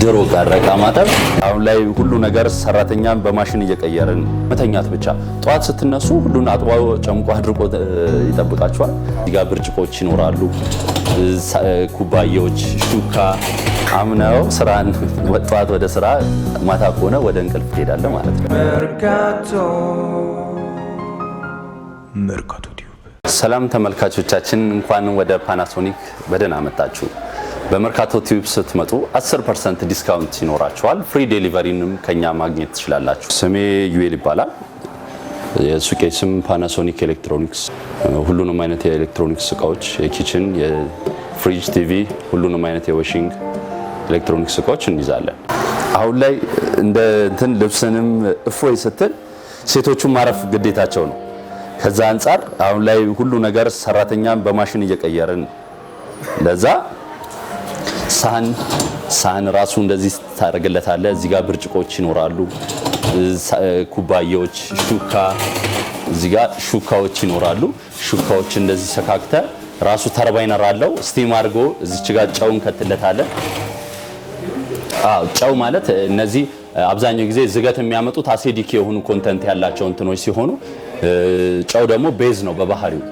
ድሮ ጋረቃ ማጠብ አሁን ላይ ሁሉ ነገር ሰራተኛን በማሽን እየቀየርን መተኛት ብቻ። ጠዋት ስትነሱ ሁሉን አጥቦ ጨምቆ አድርቆ ይጠብቃቸዋል። እዚጋ ብርጭቆች ይኖራሉ፣ ኩባያዎች፣ ሹካ አምነው ስራን ጠዋት ወደ ስራ ማታ ከሆነ ወደ እንቅልፍ ትሄዳለ ማለት ነው። መርካቶ ሰላም ተመልካቾቻችን፣ እንኳን ወደ ፓናሶኒክ በደህና መጣችሁ። በመርካቶ ቲዩብ ስትመጡ 10% ዲስካውንት ይኖራችኋል። ፍሪ ዴሊቨሪንም ከኛ ማግኘት ትችላላችሁ። ስሜ ዩኤል ይባላል። የሱቄ ስም ፓናሶኒክ ኤሌክትሮኒክስ። ሁሉንም አይነት የኤሌክትሮኒክስ እቃዎች፣ የኪችን፣ የፍሪጅ፣ ቲቪ፣ ሁሉንም አይነት የዋሽንግ ኤሌክትሮኒክስ እቃዎች እንይዛለን። አሁን ላይ እንደ እንትን ልብስንም እፎይ ስትል ሴቶቹ ማረፍ ግዴታቸው ነው። ከዛ አንጻር አሁን ላይ ሁሉ ነገር ሰራተኛን በማሽን እየቀየርን ለዛ ሳህን ሳህን ራሱ እንደዚህ ታደርግለታለ። እዚህ ጋር ብርጭቆች ይኖራሉ፣ ኩባያዎች፣ ሹካ እዚህ ጋር ሹካዎች ይኖራሉ። ሹካዎች እንደዚህ ሰካክተ ራሱ ተርባይነር አለው። ስቲም አድርጎ እዚች ጋር ጨውን ከትለታለ። ጨው ማለት እነዚህ አብዛኛው ጊዜ ዝገት የሚያመጡት አሴዲክ የሆኑ ኮንተንት ያላቸው እንትኖች ሲሆኑ ጨው ደግሞ ቤዝ ነው በባህሪው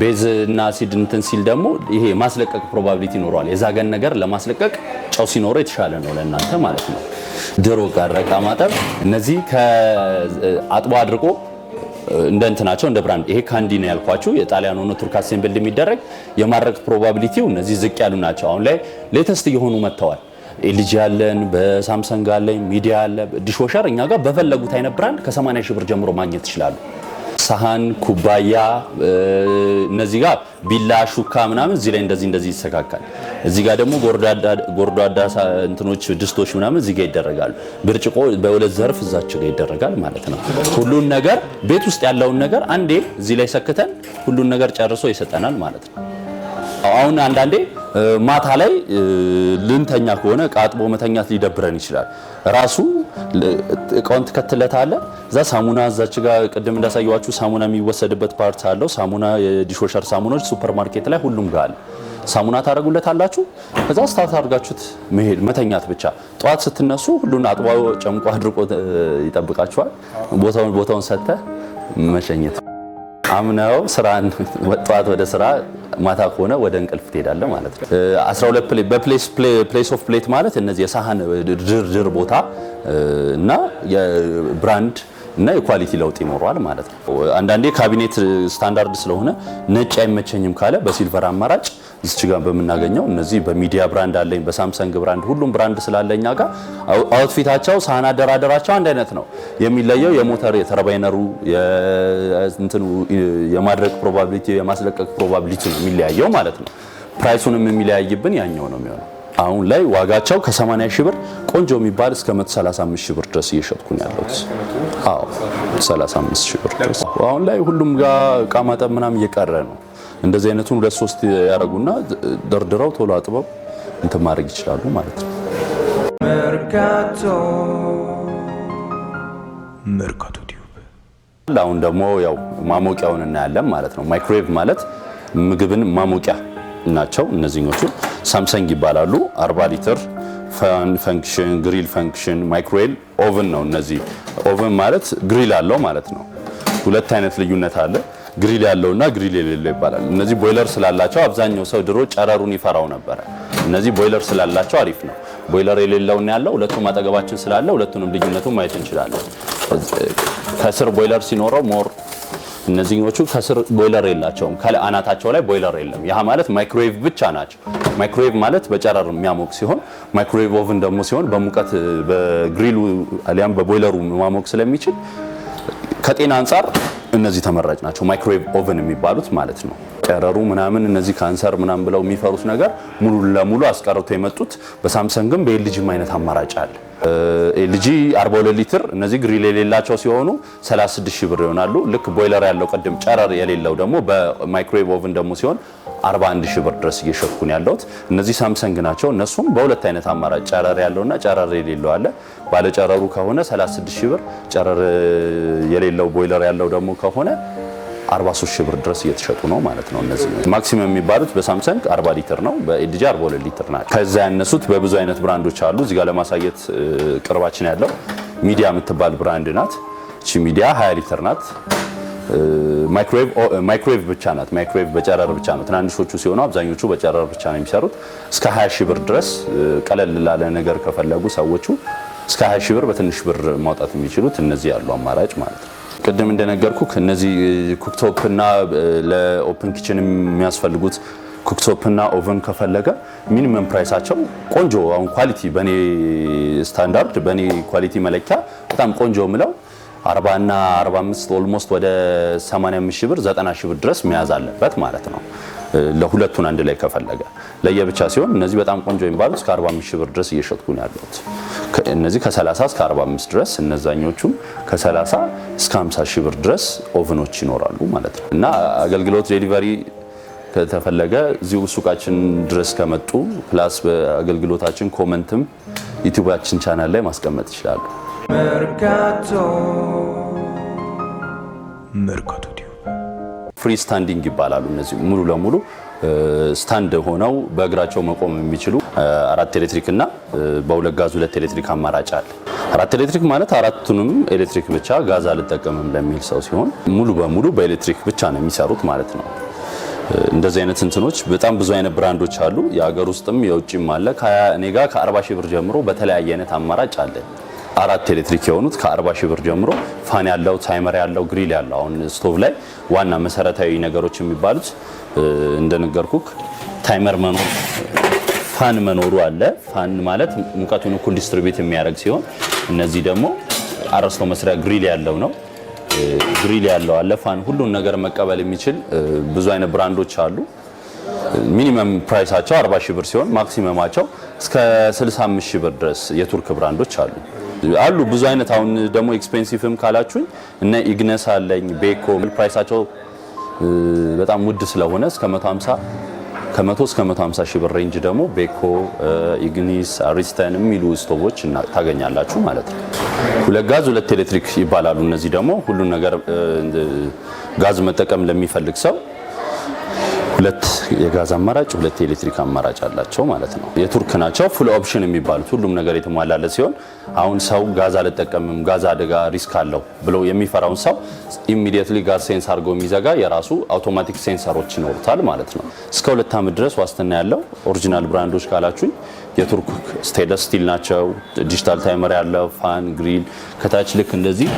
ቤዝ እና አሲድ እንትን ሲል ደግሞ ይሄ ማስለቀቅ ፕሮባቢሊቲ ይኖረዋል። የዛገን ነገር ለማስለቀቅ ጨው ሲኖረው የተሻለ ነው ለእናንተ ማለት ነው። ድሮ ጋር ረቃ ማጠብ እነዚህ ከአጥቦ አድርቆ እንደ እንትናቸው እንደ ብራንድ ይሄ ካንዲ ነው ያልኳችሁ የጣሊያን ሆኖ ቱርክ አሴምብል የሚደረግ የማድረግ ፕሮባቢሊቲው እነዚህ ዝቅ ያሉ ናቸው። አሁን ላይ ሌተስት እየሆኑ መጥተዋል። ኤልጂ አለን፣ በሳምሰንግ አለን፣ ሚዲያ አለ፣ ዲሽዎሸር እኛ ጋር በፈለጉት አይነት ብራንድ ከ80 ሺህ ብር ጀምሮ ማግኘት ይችላሉ። ሳህን፣ ኩባያ እነዚህ ጋር ቢላ፣ ሹካ ምናምን እዚህ ላይ እንደዚህ እንደዚህ ይሰካካል። እዚህ ጋር ደግሞ ጎርዳዳ እንትኖች ድስቶች ምናምን እዚህ ጋር ይደረጋሉ። ብርጭቆ በሁለት ዘርፍ እዛቸው ጋር ይደረጋል ማለት ነው። ሁሉን ነገር ቤት ውስጥ ያለውን ነገር አንዴ እዚህ ላይ ሰክተን ሁሉን ነገር ጨርሶ ይሰጠናል ማለት ነው። አሁን አንዳንዴ ማታ ላይ ልንተኛ ከሆነ ቃጥቦ መተኛት ሊደብረን ይችላል። ራሱ እቃውን አለ እዛ ሳሙና እዛች ጋር ቅድም እንዳሳየዋችሁ ሳሙና የሚወሰድበት ፓርት አለው። ሳሙና የዲሾሸር ሳሙናዎች ሱፐር ማርኬት ላይ ሁሉም ጋር አለ። ሳሙና ታደረጉለት አላችሁ። ከዛ ስታት አድርጋችሁት መሄድ መተኛት ብቻ። ጠዋት ስትነሱ ሁሉን አጥቧ ጨምቆ አድርቆ ይጠብቃችኋል። ቦታውን ቦታውን ሰጥተህ መሸኘት አምነው ስራን ጠዋት ወደ ስራ ማታ ከሆነ ወደ እንቅልፍ ትሄዳለ ማለት ነው። 12 በፕሌስ ኦፍ ፕሌት ማለት እነዚህ የሳህን ድርድር ቦታ እና የብራንድ እና የኳሊቲ ለውጥ ይኖረዋል ማለት ነው። አንዳንዴ ካቢኔት ስታንዳርድ ስለሆነ ነጭ አይመቸኝም ካለ በሲልቨር አማራጭ እዚች ጋር በምናገኘው እነዚህ በሚዲያ ብራንድ አለኝ፣ በሳምሰንግ ብራንድ ሁሉም ብራንድ ስላለኛ ጋር አውትፊታቸው ሳና ደራደራቸው አንድ አይነት ነው። የሚለየው የሞተር የተርባይነሩ እንትኑ የማድረግ ፕሮባቢሊቲ የማስለቀቅ ፕሮባቢሊቲ ነው የሚለያየው ማለት ነው። ፕራይሱንም የሚለያይብን ያኛው ነው የሚሆነው። አሁን ላይ ዋጋቸው ከ80 ሺህ ብር ቆንጆ የሚባል እስከ 135 ሺህ ብር ድረስ እየሸጥኩኝ ያለሁት። አዎ 35 ሺህ ብር ድረስ አሁን ላይ ሁሉም ጋር እቃ ማጠብ ምናምን እየቀረ ነው። እንደዚህ አይነቱን ሁለት ሶስት ያደረጉና ደርድረው ቶሎ አጥበው እንትን ማድረግ ይችላሉ ማለት ነው። መርካቶ ቲዩብ አሁን ደግሞ ያው ማሞቂያውን እናያለን ማለት ነው። ማይክሮዌቭ ማለት ምግብን ማሞቂያ ናቸው። እነዚህኞቹ ሳምሰንግ ይባላሉ። 40 ሊትር ፈንክሽን፣ ግሪል ፈንክሽን፣ ማይክሮዌል ኦቨን ነው። እነዚህ ኦቨን ማለት ግሪል አለው ማለት ነው። ሁለት አይነት ልዩነት አለ። ግሪል ያለውና ግሪል የሌለው ይባላል። እነዚህ ቦይለር ስላላቸው አብዛኛው ሰው ድሮ ጨረሩን ይፈራው ነበረ። እነዚህ ቦይለር ስላላቸው አሪፍ ነው። ቦይለር የሌለውና ያለው ሁለቱም አጠገባችን ስላለ ሁለቱንም ልዩነቱን ማየት እንችላለን። ከስር ቦይለር ሲኖረው ሞር እነዚህኞቹ ከስር ቦይለር የላቸውም። ከላይ አናታቸው ላይ ቦይለር የለም። ያ ማለት ማይክሮዌቭ ብቻ ናቸው። ማይክሮዌቭ ማለት በጨረር የሚያሞቅ ሲሆን ማይክሮዌቭ ኦቭን ደግሞ ሲሆን በሙቀት በግሪሉ አሊያም በቦይለሩ ማሞቅ ስለሚችል ከጤና አንጻር እነዚህ ተመራጭ ናቸው። ማይክሮዌቭ ኦቨን የሚባሉት ማለት ነው። ጨረሩ ምናምን እነዚህ ካንሰር ምናምን ብለው የሚፈሩት ነገር ሙሉ ለሙሉ አስቀርቶ የመጡት በሳምሰንግም በኤልጂም አይነት አማራጭ አለ። ኤልጂ 42 ሊትር እነዚህ ግሪል የሌላቸው ሲሆኑ 36 ሺህ ብር ይሆናሉ። ልክ ቦይለር ያለው ቅድም ጨረር የሌለው ደግሞ በማይክሮዌቭ ኦቭን ደግሞ ሲሆን 41 ሺህ ብር ድረስ እየሸኩን ያለሁት እነዚህ ሳምሰንግ ናቸው። እነሱም በሁለት አይነት አማራጭ ጨረር ያለውና ጨረር የሌለው አለ። ባለጨረሩ ከሆነ 36 ሺህ ብር፣ ጨረር የሌለው ቦይለር ያለው ደግሞ ከሆነ 43 ሺህ ብር ድረስ እየተሸጡ ነው ማለት ነው። እነዚህ ማክሲመም የሚባሉት በሳምሰንግ 40 ሊትር ነው፣ በኤልጂ 42 ሊትር ናቸው። ከዛ ያነሱት በብዙ አይነት ብራንዶች አሉ። እዚጋ ለማሳየት ቅርባችን ያለው ሚዲያ የምትባል ብራንድ ናት። እቺ ሚዲያ 20 ሊትር ናት። ማይክሮዌቭ ብቻ ናት። ማይክሮዌቭ በጨረር ብቻ ነው። ትናንሾቹ ሲሆኑ አብዛኞቹ በጨረር ብቻ ነው የሚሰሩት። እስከ 20 ሺህ ብር ድረስ ቀለል ላለ ነገር ከፈለጉ ሰዎቹ እስከ 20 ሺህ ብር በትንሽ ብር ማውጣት የሚችሉት እነዚህ ያሉ አማራጭ ማለት ነው። ቅድም እንደነገርኩ እነዚህ ኩክቶፕ እና ለኦፕን ኪችን የሚያስፈልጉት ኩክቶፕ እና ኦቨን ከፈለገ ሚኒመም ፕራይሳቸው ቆንጆ አሁን ኳሊቲ በኔ ስታንዳርድ በኔ ኳሊቲ መለኪያ በጣም ቆንጆ ምለው 40 እና 45 ኦልሞስት ወደ 85 ሺህ ብር 90 ሺህ ብር ድረስ መያዝ አለበት ማለት ነው። ለሁለቱን አንድ ላይ ከፈለገ ለየብቻ ሲሆን እነዚህ በጣም ቆንጆ የሚባሉ እስከ 45 ሺህ ብር ድረስ እየሸጥኩ ነው ያለሁት። እነዚህ ከ30 እስከ 45 ድረስ እነዛኞቹም ከ30 እስከ 50 ሺህ ብር ድረስ ኦቨኖች ይኖራሉ ማለት ነው እና አገልግሎት ዴሊቨሪ ከተፈለገ እዚሁ ሱቃችን ድረስ ከመጡ ፕላስ በአገልግሎታችን ኮመንትም ዩቲዩባችን ቻናል ላይ ማስቀመጥ ይችላሉ። መርካቶ ፍሪ ስታንዲንግ ይባላሉ። እነዚህ ሙሉ ለሙሉ ስታንድ ሆነው በእግራቸው መቆም የሚችሉ አራት ኤሌክትሪክ እና በሁለት ጋዝ ሁለት ኤሌክትሪክ አማራጭ አለ። አራት ኤሌክትሪክ ማለት አራቱንም ኤሌክትሪክ ብቻ ጋዝ አልጠቀምም ለሚል ሰው ሲሆን ሙሉ በሙሉ በኤሌክትሪክ ብቻ ነው የሚሰሩት ማለት ነው። እንደዚህ አይነት እንትኖች በጣም ብዙ አይነት ብራንዶች አሉ። የሀገር ውስጥም የውጭም አለ። እኔ ጋ ከ40 ሺህ ብር ጀምሮ በተለያየ አይነት አማራጭ አለ። አራት ኤሌክትሪክ የሆኑት ከ40 ሺህ ብር ጀምሮ ፋን ያለው ታይመር ያለው ግሪል ያለው አሁን ስቶቭ ላይ ዋና መሰረታዊ ነገሮች የሚባሉት እንደነገርኩክ ታይመር መኖር ፋን መኖሩ አለ። ፋን ማለት ሙቀቱን እኩል ዲስትሪቢዩት የሚያደርግ ሲሆን እነዚህ ደግሞ አረስቶ መስሪያ ግሪል ያለው ነው። ግሪል ያለው አለ። ፋን ሁሉን ነገር መቀበል የሚችል ብዙ አይነት ብራንዶች አሉ። ሚኒመም ፕራይሳቸው 40 ሺህ ብር ሲሆን ማክሲመማቸው እስከ 65 ሺህ ብር ድረስ የቱርክ ብራንዶች አሉ። አሉ ብዙ አይነት አሁን ደግሞ ኤክስፔንሲቭም ካላችሁኝ እነ ኢግነስ አለኝ ቤኮ ፕራይሳቸው በጣም ውድ ስለሆነ እስከ 150 ከ100 እስከ 150 ሺህ ብር ሬንጅ ደግሞ ቤኮ ኢግኒስ አሪስተን የሚሉ ስቶቦች ታገኛላችሁ ማለት ነው። ሁለት ጋዝ ሁለት ኤሌክትሪክ ይባላሉ። እነዚህ ደግሞ ሁሉን ነገር ጋዝ መጠቀም ለሚፈልግ ሰው ሁለት የጋዝ አማራጭ ሁለት የኤሌክትሪክ አማራጭ አላቸው ማለት ነው። የቱርክ ናቸው ፉል ኦፕሽን የሚባሉት ሁሉም ነገር የተሟላለት ሲሆን አሁን ሰው ጋዝ አልጠቀምም ጋዝ አደጋ ሪስክ አለው ብሎ የሚፈራውን ሰው ኢሚዲየትሊ ጋዝ ሴንስ አድርገው የሚዘጋ የራሱ አውቶማቲክ ሴንሰሮች ይኖሩታል ማለት ነው። እስከ ሁለት ዓመት ድረስ ዋስትና ያለው ኦሪጂናል ብራንዶች ካላችሁኝ የቱርክ ስቴንለስ ስቲል ናቸው። ዲጂታል ታይመር ያለው ፋን ግሪል ከታች ልክ እንደዚህ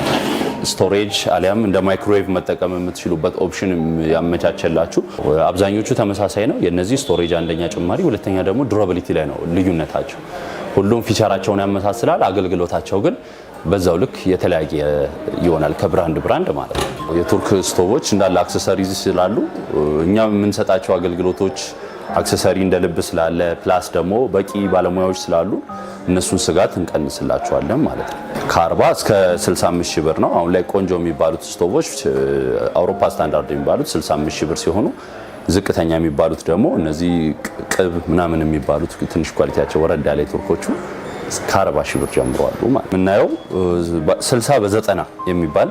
ስቶሬጅ አሊያም እንደ ማይክሮዌቭ መጠቀም የምትችሉበት ኦፕሽን ያመቻቸላችሁ። አብዛኞቹ ተመሳሳይ ነው። የነዚህ ስቶሬጅ አንደኛ ጭማሪ፣ ሁለተኛ ደግሞ ዱራብሊቲ ላይ ነው ልዩነታቸው። ሁሉም ፊቸራቸውን ያመሳስላል። አገልግሎታቸው ግን በዛው ልክ የተለያየ ይሆናል ከብራንድ ብራንድ ማለት ነው። የቱርክ ስቶቮች እንዳለ አክሰሰሪዝ ስላሉ እኛ የምንሰጣቸው አገልግሎቶች አክሰሰሪ እንደ ልብ ስላለ ፕላስ ደግሞ በቂ ባለሙያዎች ስላሉ እነሱን ስጋት እንቀንስላቸዋለን ማለት ነው። ከአርባ እስከ 65 ሺህ ብር ነው። አሁን ላይ ቆንጆ የሚባሉት ስቶቮች አውሮፓ ስታንዳርድ የሚባሉት 65 ሺህ ብር ሲሆኑ ዝቅተኛ የሚባሉት ደግሞ እነዚህ ቅብ ምናምን የሚባሉት ትንሽ ኳሊቲያቸው ወረዳ ያለ ቱርኮቹ ከ40 ሺህ ብር ጀምረዋሉ። የምናየው 60 በዘጠና የሚባል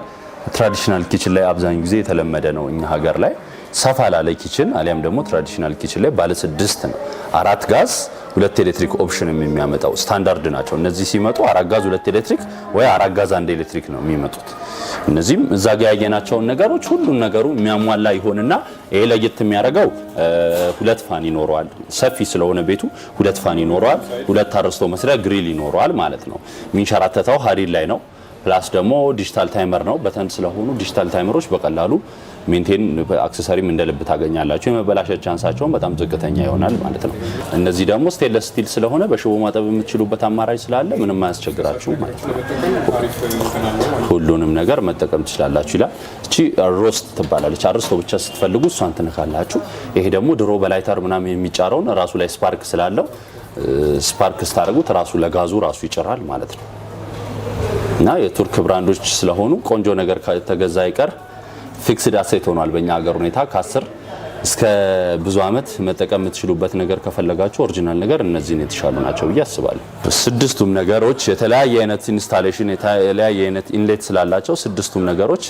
ትራዲሽናል ኪችን ላይ አብዛኛው ጊዜ የተለመደ ነው እኛ ሀገር ላይ ሰፋ ላለ ኪችን አሊያም ደግሞ ትራዲሽናል ኪችን ላይ ባለ ስድስት ነው አራት ጋዝ ሁለት ኤሌክትሪክ ኦፕሽን የሚያመጣው ስታንዳርድ ናቸው። እነዚህ ሲመጡ አራት ጋዝ ሁለት ኤሌክትሪክ ወይ አራት ጋዝ አንድ ኤሌክትሪክ ነው የሚመጡት። እነዚህም እዛ ጋ ያየናቸውን ነገሮች ሁሉን ነገሩ የሚያሟላ ይሆንና ይሄ ለየት የሚያደርገው ሁለት ፋን ይኖረዋል። ሰፊ ስለሆነ ቤቱ ሁለት ፋን ይኖረዋል። ሁለት አርስቶ መስሪያ ግሪል ይኖረዋል ማለት ነው። የሚንሸራተተው ሀዲድ ላይ ነው። ፕላስ ደግሞ ዲጂታል ታይመር ነው። በተን ስለሆኑ ዲጂታል ታይመሮች በቀላሉ ሜንቴን አክሰሰሪም እንደልብ ታገኛላቸው። የመበላሸት ቻንሳቸውን በጣም ዝቅተኛ ይሆናል ማለት ነው። እነዚህ ደግሞ ስቴንለስ ስቲል ስለሆነ በሽቦ ማጠብ የምትችሉበት አማራጭ ስላለ ምንም አያስቸግራችሁ ማለት ነው። ሁሉንም ነገር መጠቀም ትችላላችሁ ይላል። እቺ ሮስት ትባላለች። አርስቶ ብቻ ስትፈልጉ እሷን ትንካላችሁ። ይሄ ደግሞ ድሮ በላይተር ምናምን የሚጫረውን ራሱ ላይ ስፓርክ ስላለው ስፓርክ ስታደርጉት ራሱ ለጋዙ ራሱ ይጭራል ማለት ነው። እና የቱርክ ብራንዶች ስለሆኑ ቆንጆ ነገር ከተገዛ አይቀር ፊክስድ አሴት ሆኗል። በእኛ ሀገር ሁኔታ ከአስር እስከ ብዙ አመት መጠቀም የምትችሉበት ነገር ከፈለጋችሁ ኦሪጂናል ነገር እነዚህን የተሻሉ ናቸው ብዬ አስባለሁ። ስድስቱም ነገሮች የተለያየ አይነት ኢንስታሌሽን የተለያየ አይነት ኢንሌት ስላላቸው ስድስቱም ነገሮች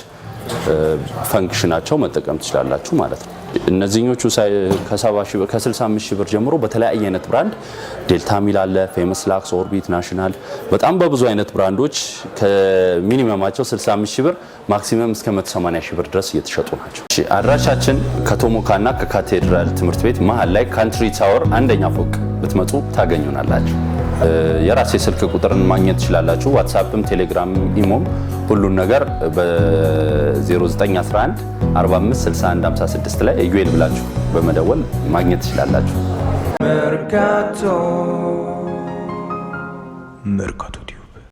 ፈንክሽናቸው መጠቀም ትችላላችሁ ማለት ነው። እነዚህኞቹ ከ65 ሺህ ብር ጀምሮ በተለያየ አይነት ብራንድ ዴልታ ሚል አለ፣ ፌመስ ላክስ፣ ኦርቢት፣ ናሽናል በጣም በብዙ አይነት ብራንዶች ከሚኒመማቸው 65 ሺህ ብር ማክሲመም እስከ 180 ሺህ ብር ድረስ እየተሸጡ ናቸው። አድራሻችን ከቶሞካና ከካቴድራል ትምህርት ቤት መሀል ላይ ካንትሪ ታወር አንደኛ ፎቅ ብትመጡ ታገኙናላችሁ። የራሴ ስልክ ቁጥርን ማግኘት ትችላላችሁ። ዋትሳፕም፣ ቴሌግራም፣ ኢሞም ሁሉን ነገር በ0911 45 61 ላይ ኢዩኤል ብላችሁ በመደወል ማግኘት ትችላላችሁ። መርካቶ